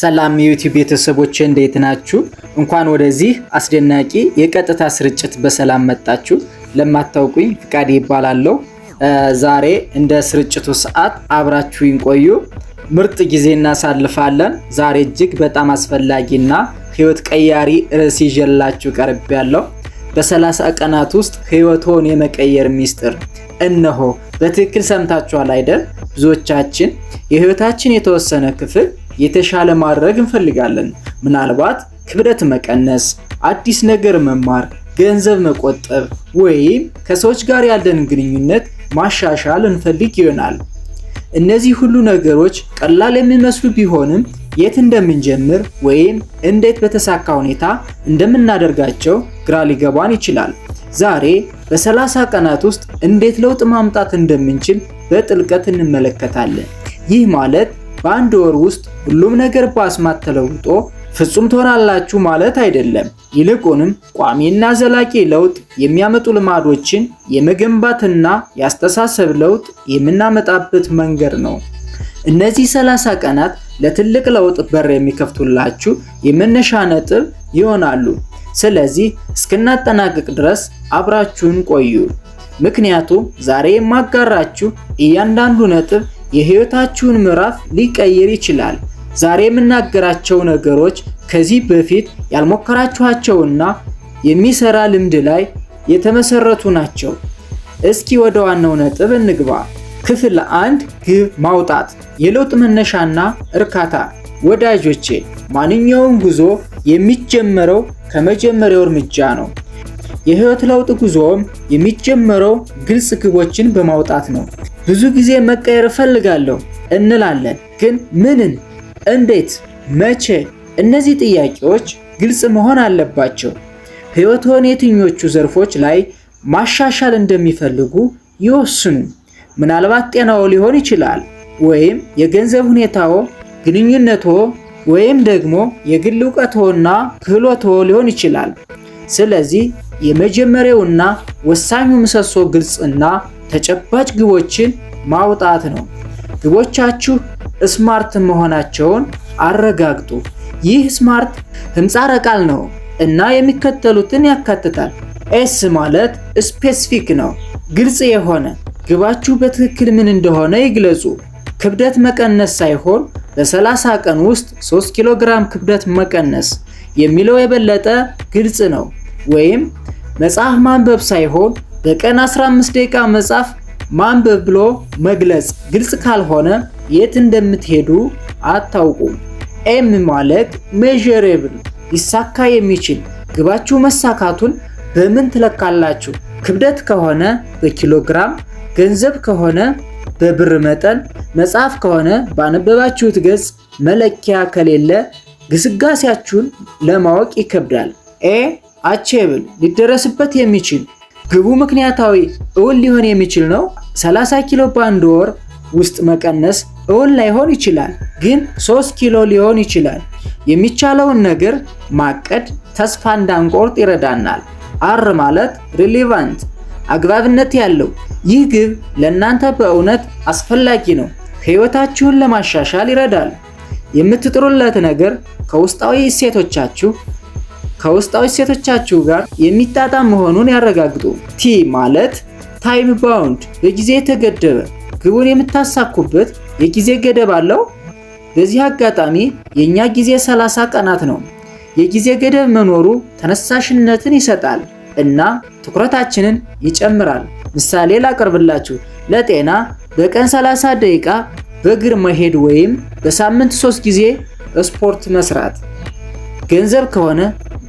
ሰላም የዩቲዩብ ቤተሰቦች እንዴት ናችሁ? እንኳን ወደዚህ አስደናቂ የቀጥታ ስርጭት በሰላም መጣችሁ። ለማታውቁኝ ፍቃድ ይባላለሁ። ዛሬ እንደ ስርጭቱ ሰዓት አብራችሁኝ ቆዩ። ምርጥ ጊዜ እናሳልፋለን። ዛሬ እጅግ በጣም አስፈላጊና ህይወት ቀያሪ ርዕስ ይዤላችሁ ቀርብ ያለው በ30 ቀናት ውስጥ ህይወትዎን የመቀየር ሚስጥር እነሆ። በትክክል ሰምታችኋል አይደል? ብዙዎቻችን የህይወታችን የተወሰነ ክፍል የተሻለ ማድረግ እንፈልጋለን። ምናልባት ክብደት መቀነስ፣ አዲስ ነገር መማር፣ ገንዘብ መቆጠብ ወይም ከሰዎች ጋር ያለን ግንኙነት ማሻሻል እንፈልግ ይሆናል። እነዚህ ሁሉ ነገሮች ቀላል የሚመስሉ ቢሆንም የት እንደምንጀምር ወይም እንዴት በተሳካ ሁኔታ እንደምናደርጋቸው ግራ ሊገባን ይችላል። ዛሬ በ30 ቀናት ውስጥ እንዴት ለውጥ ማምጣት እንደምንችል በጥልቀት እንመለከታለን። ይህ ማለት በአንድ ወር ውስጥ ሁሉም ነገር በአስማት ተለውጦ ፍጹም ትሆናላችሁ ማለት አይደለም። ይልቁንም ቋሚና ዘላቂ ለውጥ የሚያመጡ ልማዶችን የመገንባትና የአስተሳሰብ ለውጥ የምናመጣበት መንገድ ነው። እነዚህ 30 ቀናት ለትልቅ ለውጥ በር የሚከፍቱላችሁ የመነሻ ነጥብ ይሆናሉ። ስለዚህ እስክናጠናቅቅ ድረስ አብራችሁን ቆዩ። ምክንያቱም ዛሬ የማጋራችሁ እያንዳንዱ ነጥብ የህይወታችሁን ምዕራፍ ሊቀይር ይችላል። ዛሬ የምናገራቸው ነገሮች ከዚህ በፊት ያልሞከራችኋቸውና የሚሰራ ልምድ ላይ የተመሰረቱ ናቸው። እስኪ ወደ ዋናው ነጥብ እንግባ። ክፍል አንድ ግብ ማውጣት፣ የለውጥ መነሻና እርካታ። ወዳጆቼ ማንኛውም ጉዞ የሚጀመረው ከመጀመሪያው እርምጃ ነው። የህይወት ለውጥ ጉዞም የሚጀመረው ግልጽ ግቦችን በማውጣት ነው። ብዙ ጊዜ መቀየር እፈልጋለሁ እንላለን። ግን ምንን፣ እንዴት፣ መቼ? እነዚህ ጥያቄዎች ግልጽ መሆን አለባቸው። ሕይወትዎን የትኞቹ ዘርፎች ላይ ማሻሻል እንደሚፈልጉ ይወስኑ። ምናልባት ጤናዎ ሊሆን ይችላል፣ ወይም የገንዘብ ሁኔታዎ፣ ግንኙነትዎ፣ ወይም ደግሞ የግል እውቀትዎና ክህሎትዎ ሊሆን ይችላል። ስለዚህ የመጀመሪያውና ወሳኙ ምሰሶ ግልጽና ተጨባጭ ግቦችን ማውጣት ነው። ግቦቻችሁ ስማርት መሆናቸውን አረጋግጡ። ይህ ስማርት ምህጻረ ቃል ነው እና የሚከተሉትን ያካትታል። ኤስ ማለት ስፔሲፊክ ነው፣ ግልጽ የሆነ ግባችሁ በትክክል ምን እንደሆነ ይግለጹ። ክብደት መቀነስ ሳይሆን በ30 ቀን ውስጥ 3 ኪሎ ግራም ክብደት መቀነስ የሚለው የበለጠ ግልጽ ነው። ወይም መጽሐፍ ማንበብ ሳይሆን በቀን 15 ደቂቃ መጻፍ፣ ማንበብ ብሎ መግለጽ ግልጽ ካልሆነ የት እንደምትሄዱ አታውቁም። ኤም ማለት ሜዠሬብል ሊሳካ የሚችል ግባችሁ መሳካቱን በምን ትለካላችሁ? ክብደት ከሆነ በኪሎግራም፣ ገንዘብ ከሆነ በብር መጠን፣ መጽሐፍ ከሆነ ባነበባችሁት ገጽ። መለኪያ ከሌለ ግስጋሴያችሁን ለማወቅ ይከብዳል። ኤ አቼብል ሊደረስበት የሚችል ግቡ ምክንያታዊ እውን ሊሆን የሚችል ነው። 30 ኪሎ በአንድ ወር ውስጥ መቀነስ እውን ላይሆን ይችላል፣ ግን 3 ኪሎ ሊሆን ይችላል። የሚቻለውን ነገር ማቀድ ተስፋ እንዳንቆርጥ ይረዳናል። አር ማለት ሪሊቫንት አግባብነት ያለው ይህ ግብ ለእናንተ በእውነት አስፈላጊ ነው። ህይወታችሁን ለማሻሻል ይረዳል። የምትጥሩለት ነገር ከውስጣዊ እሴቶቻችሁ ከውስጣዊ እሴቶቻችሁ ጋር የሚጣጣም መሆኑን ያረጋግጡ። ቲ ማለት ታይም ባውንድ በጊዜ የተገደበ ግቡን የምታሳኩበት የጊዜ ገደብ አለው። በዚህ አጋጣሚ የእኛ ጊዜ 30 ቀናት ነው። የጊዜ ገደብ መኖሩ ተነሳሽነትን ይሰጣል እና ትኩረታችንን ይጨምራል። ምሳሌ ላቀርብላችሁ። ለጤና በቀን 30 ደቂቃ በእግር መሄድ ወይም በሳምንት 3 ጊዜ ስፖርት መስራት። ገንዘብ ከሆነ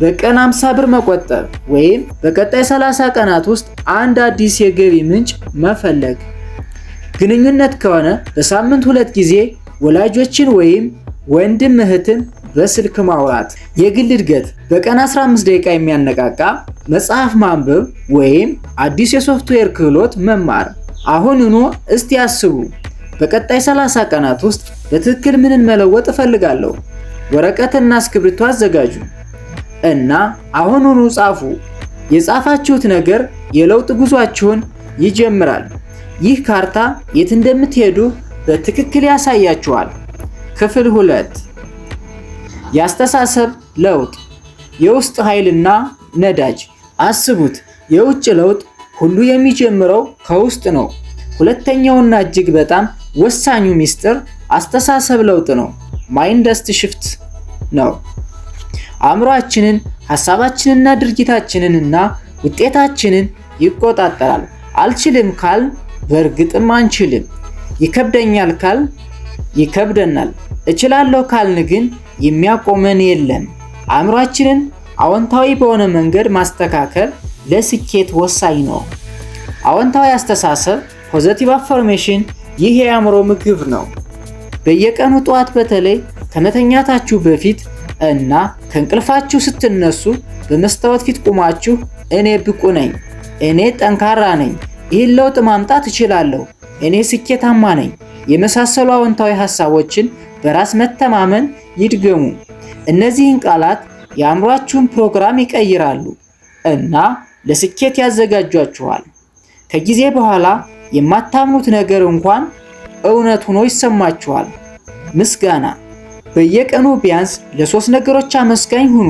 በቀን 50 ብር መቆጠብ ወይም በቀጣይ 30 ቀናት ውስጥ አንድ አዲስ የገቢ ምንጭ መፈለግ። ግንኙነት ከሆነ በሳምንት ሁለት ጊዜ ወላጆችን ወይም ወንድም እህትን በስልክ ማውራት። የግል እድገት በቀን 15 ደቂቃ የሚያነቃቃ መጽሐፍ ማንበብ ወይም አዲስ የሶፍትዌር ክህሎት መማር። አሁኑኑ እስቲ ያስቡ። በቀጣይ 30 ቀናት ውስጥ በትክክል ምንን መለወጥ እፈልጋለሁ? ወረቀትና እስክሪብቶ አዘጋጁ። እና አሁኑኑ ጻፉ። የጻፋችሁት ነገር የለውጥ ጉዟችሁን ይጀምራል። ይህ ካርታ የት እንደምትሄዱ በትክክል ያሳያችኋል። ክፍል ሁለት የአስተሳሰብ ለውጥ የውስጥ ኃይልና ነዳጅ። አስቡት፣ የውጭ ለውጥ ሁሉ የሚጀምረው ከውስጥ ነው። ሁለተኛውና እጅግ በጣም ወሳኙ ሚስጥር አስተሳሰብ ለውጥ ነው፣ ማይንደስት ሽፍት ነው። አእምሯችንን፣ ሀሳባችንና ድርጊታችንንና ውጤታችንን ይቆጣጠራል። አልችልም ካል በእርግጥም አንችልም። ይከብደኛል ካል ይከብደናል። እችላለሁ ካልን ግን የሚያቆመን የለም። አእምሯችንን አዎንታዊ በሆነ መንገድ ማስተካከል ለስኬት ወሳኝ ነው። አዎንታዊ አስተሳሰብ ፖዘቲቭ አፎርሜሽን ይህ የአእምሮ ምግብ ነው። በየቀኑ ጠዋት በተለይ ከመተኛታችሁ በፊት እና ከእንቅልፋችሁ ስትነሱ በመስታወት ፊት ቁማችሁ እኔ ብቁ ነኝ፣ እኔ ጠንካራ ነኝ፣ ይህን ለውጥ ማምጣት እችላለሁ፣ እኔ ስኬታማ ነኝ የመሳሰሉ አዎንታዊ ሐሳቦችን በራስ መተማመን ይድገሙ። እነዚህን ቃላት የአእምሯችሁን ፕሮግራም ይቀይራሉ እና ለስኬት ያዘጋጇችኋል። ከጊዜ በኋላ የማታምኑት ነገር እንኳን እውነት ሆኖ ይሰማችኋል። ምስጋና በየቀኑ ቢያንስ ለሶስት ነገሮች አመስጋኝ ሁኑ።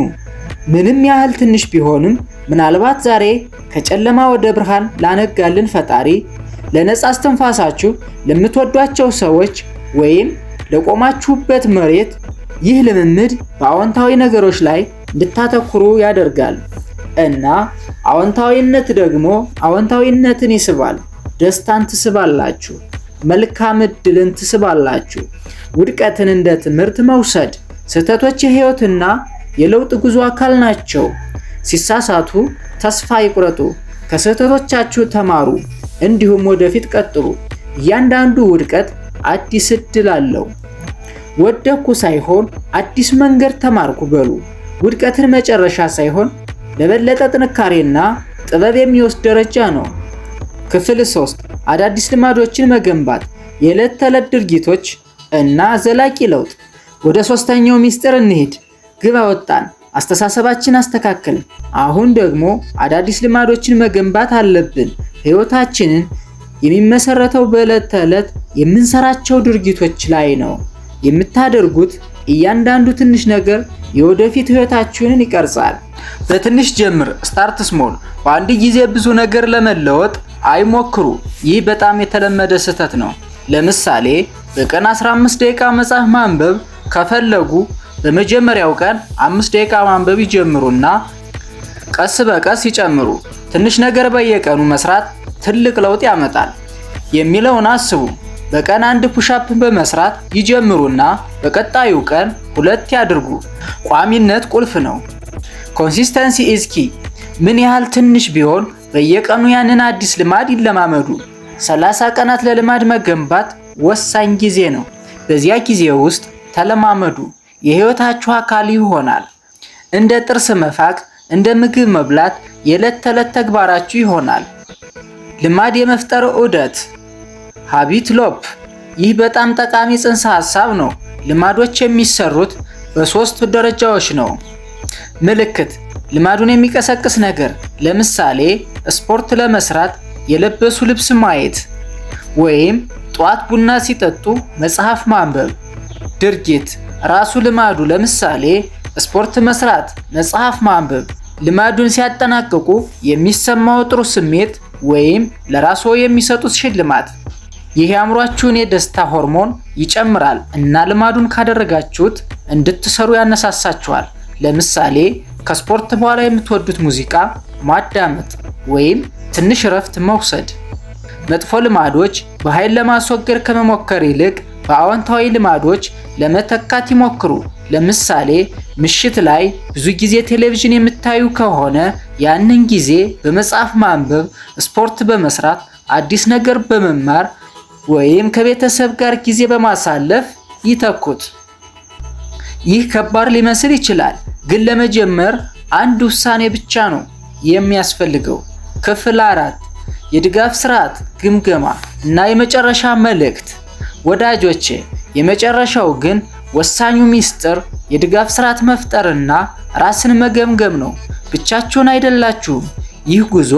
ምንም ያህል ትንሽ ቢሆንም ምናልባት ዛሬ ከጨለማ ወደ ብርሃን ላነጋልን ፈጣሪ፣ ለነጻ እስትንፋሳችሁ፣ ለምትወዷቸው ሰዎች ወይም ለቆማችሁበት መሬት። ይህ ልምምድ በአዎንታዊ ነገሮች ላይ እንድታተኩሩ ያደርጋል እና አዎንታዊነት ደግሞ አዎንታዊነትን ይስባል። ደስታን ትስባላችሁ። መልካም እድልን ትስባላችሁ። ውድቀትን እንደ ትምህርት መውሰድ፣ ስህተቶች የህይወትና የለውጥ ጉዞ አካል ናቸው። ሲሳሳቱ ተስፋ ይቁረጡ፣ ከስህተቶቻችሁ ተማሩ፣ እንዲሁም ወደፊት ቀጥሉ። እያንዳንዱ ውድቀት አዲስ ዕድል አለው። ወደኩ ሳይሆን አዲስ መንገድ ተማርኩ በሉ። ውድቀትን መጨረሻ ሳይሆን ለበለጠ ጥንካሬና ጥበብ የሚወስድ ደረጃ ነው። ክፍል ሶስት አዳዲስ ልማዶችን መገንባት፣ የዕለት ተዕለት ድርጊቶች እና ዘላቂ ለውጥ። ወደ ሶስተኛው ሚስጥር እንሄድ። ግብ አወጣን፣ አስተሳሰባችን አስተካከልን። አሁን ደግሞ አዳዲስ ልማዶችን መገንባት አለብን። ህይወታችንን የሚመሰረተው በዕለት ተዕለት የምንሰራቸው ድርጊቶች ላይ ነው። የምታደርጉት እያንዳንዱ ትንሽ ነገር የወደፊት ህይወታችሁንን ይቀርጻል። በትንሽ ጀምር፣ ስታርት ስሞል። በአንድ ጊዜ ብዙ ነገር ለመለወጥ አይሞክሩ። ይህ በጣም የተለመደ ስህተት ነው። ለምሳሌ በቀን 15 ደቂቃ መጽሐፍ ማንበብ ከፈለጉ በመጀመሪያው ቀን 5 ደቂቃ ማንበብ ይጀምሩና ቀስ በቀስ ይጨምሩ። ትንሽ ነገር በየቀኑ መስራት ትልቅ ለውጥ ያመጣል የሚለውን አስቡ። በቀን አንድ ፑሻፕን በመስራት ይጀምሩና በቀጣዩ ቀን ሁለት ያድርጉ። ቋሚነት ቁልፍ ነው። ኮንሲስተንሲ ኢዝ ኪ። ምን ያህል ትንሽ ቢሆን በየቀኑ ያንን አዲስ ልማድ ይለማመዱ። 30 ቀናት ለልማድ መገንባት ወሳኝ ጊዜ ነው። በዚያ ጊዜ ውስጥ ተለማመዱ። የህይወታችሁ አካል ይሆናል። እንደ ጥርስ መፋቅ፣ እንደ ምግብ መብላት የዕለት ተዕለት ተግባራችሁ ይሆናል። ልማድ የመፍጠር ዑደት ሀቢት ሎፕ ይህ በጣም ጠቃሚ ጽንሰ ሐሳብ ነው። ልማዶች የሚሰሩት በሶስት ደረጃዎች ነው። ምልክት ልማዱን የሚቀሰቅስ ነገር፣ ለምሳሌ ስፖርት ለመስራት የለበሱ ልብስ ማየት ወይም ጠዋት ቡና ሲጠጡ መጽሐፍ ማንበብ። ድርጊት ራሱ ልማዱ፣ ለምሳሌ ስፖርት መስራት፣ መጽሐፍ ማንበብ። ልማዱን ሲያጠናቅቁ የሚሰማው ጥሩ ስሜት ወይም ለራስዎ የሚሰጡት ሽልማት ይህ የአእምሯችሁን የደስታ ሆርሞን ይጨምራል እና ልማዱን ካደረጋችሁት እንድትሰሩ ያነሳሳችኋል። ለምሳሌ ከስፖርት በኋላ የምትወዱት ሙዚቃ ማዳመጥ ወይም ትንሽ እረፍት መውሰድ። መጥፎ ልማዶች በኃይል ለማስወገድ ከመሞከር ይልቅ በአዎንታዊ ልማዶች ለመተካት ይሞክሩ። ለምሳሌ ምሽት ላይ ብዙ ጊዜ ቴሌቪዥን የምታዩ ከሆነ ያንን ጊዜ በመጽሐፍ ማንበብ፣ ስፖርት በመስራት፣ አዲስ ነገር በመማር ወይም ከቤተሰብ ጋር ጊዜ በማሳለፍ ይተኩት። ይህ ከባድ ሊመስል ይችላል፣ ግን ለመጀመር አንድ ውሳኔ ብቻ ነው የሚያስፈልገው። ክፍል አራት የድጋፍ ስርዓት ግምገማ እና የመጨረሻ መልእክት። ወዳጆቼ፣ የመጨረሻው ግን ወሳኙ ሚስጥር የድጋፍ ስርዓት መፍጠርና ራስን መገምገም ነው። ብቻችሁን አይደላችሁም። ይህ ጉዞ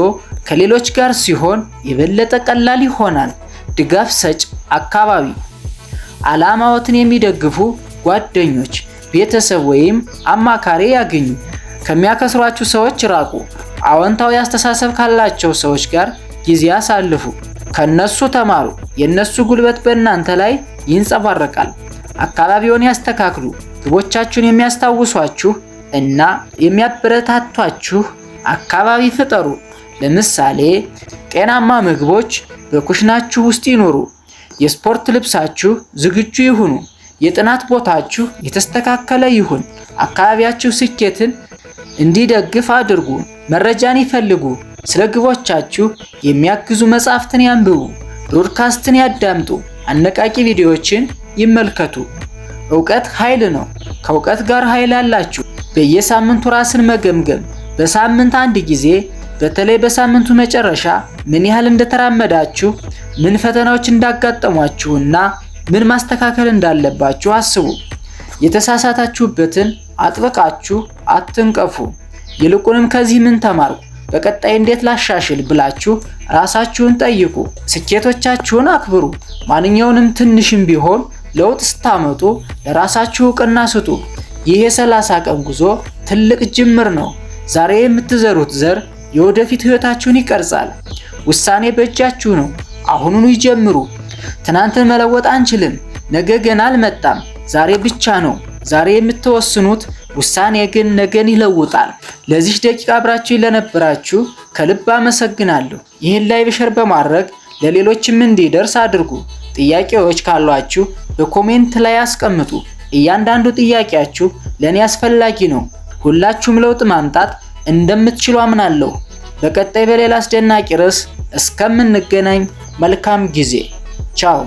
ከሌሎች ጋር ሲሆን የበለጠ ቀላል ይሆናል። ድጋፍ ሰጭ አካባቢ፣ ዓላማዎትን የሚደግፉ ጓደኞች፣ ቤተሰብ ወይም አማካሪ ያገኙ። ከሚያከስሯችሁ ሰዎች ራቁ። አዎንታዊ አስተሳሰብ ካላቸው ሰዎች ጋር ጊዜ አሳልፉ። ከነሱ ተማሩ። የነሱ ጉልበት በእናንተ ላይ ይንጸባረቃል። አካባቢውን ያስተካክሉ። ግቦቻችሁን የሚያስታውሷችሁ እና የሚያበረታቷችሁ አካባቢ ፍጠሩ። ለምሳሌ ጤናማ ምግቦች በኩሽናችሁ ውስጥ ይኖሩ የስፖርት ልብሳችሁ ዝግጁ ይሁኑ። የጥናት ቦታችሁ የተስተካከለ ይሁን። አካባቢያችሁ ስኬትን እንዲደግፍ አድርጉ። መረጃን ይፈልጉ። ስለ ግቦቻችሁ የሚያግዙ መጽሐፍትን ያንብቡ። ብሮድካስትን ያዳምጡ። አነቃቂ ቪዲዮዎችን ይመልከቱ። እውቀት ኃይል ነው። ከእውቀት ጋር ኃይል አላችሁ። በየሳምንቱ ራስን መገምገም በሳምንት አንድ ጊዜ በተለይ በሳምንቱ መጨረሻ ምን ያህል እንደተራመዳችሁ፣ ምን ፈተናዎች እንዳጋጠሟችሁና ምን ማስተካከል እንዳለባችሁ አስቡ። የተሳሳታችሁበትን አጥብቃችሁ አትንቀፉ። ይልቁንም ከዚህ ምን ተማርኩ፣ በቀጣይ እንዴት ላሻሽል ብላችሁ ራሳችሁን ጠይቁ። ስኬቶቻችሁን አክብሩ። ማንኛውንም ትንሽም ቢሆን ለውጥ ስታመጡ ለራሳችሁ እውቅና ስጡ። ይህ የ30 ቀን ጉዞ ትልቅ ጅምር ነው። ዛሬ የምትዘሩት ዘር የወደፊት ህይወታችሁን ይቀርጻል። ውሳኔ በእጃችሁ ነው። አሁኑኑ ይጀምሩ። ትናንትን መለወጥ አንችልም። ነገ ገና አልመጣም። ዛሬ ብቻ ነው። ዛሬ የምትወስኑት ውሳኔ ግን ነገን ይለውጣል። ለዚህ ደቂቃ አብራችሁ ለነበራችሁ ከልብ አመሰግናለሁ። ይህን ላይ በሸር በማድረግ ለሌሎችም እንዲደርስ አድርጉ። ጥያቄዎች ካሏችሁ በኮሜንት ላይ አስቀምጡ። እያንዳንዱ ጥያቄያችሁ ለእኔ አስፈላጊ ነው። ሁላችሁም ለውጥ ማምጣት እንደምትችሉ አምናለሁ። በቀጣይ በሌላ አስደናቂ ርዕስ እስከምንገናኝ መልካም ጊዜ። ቻው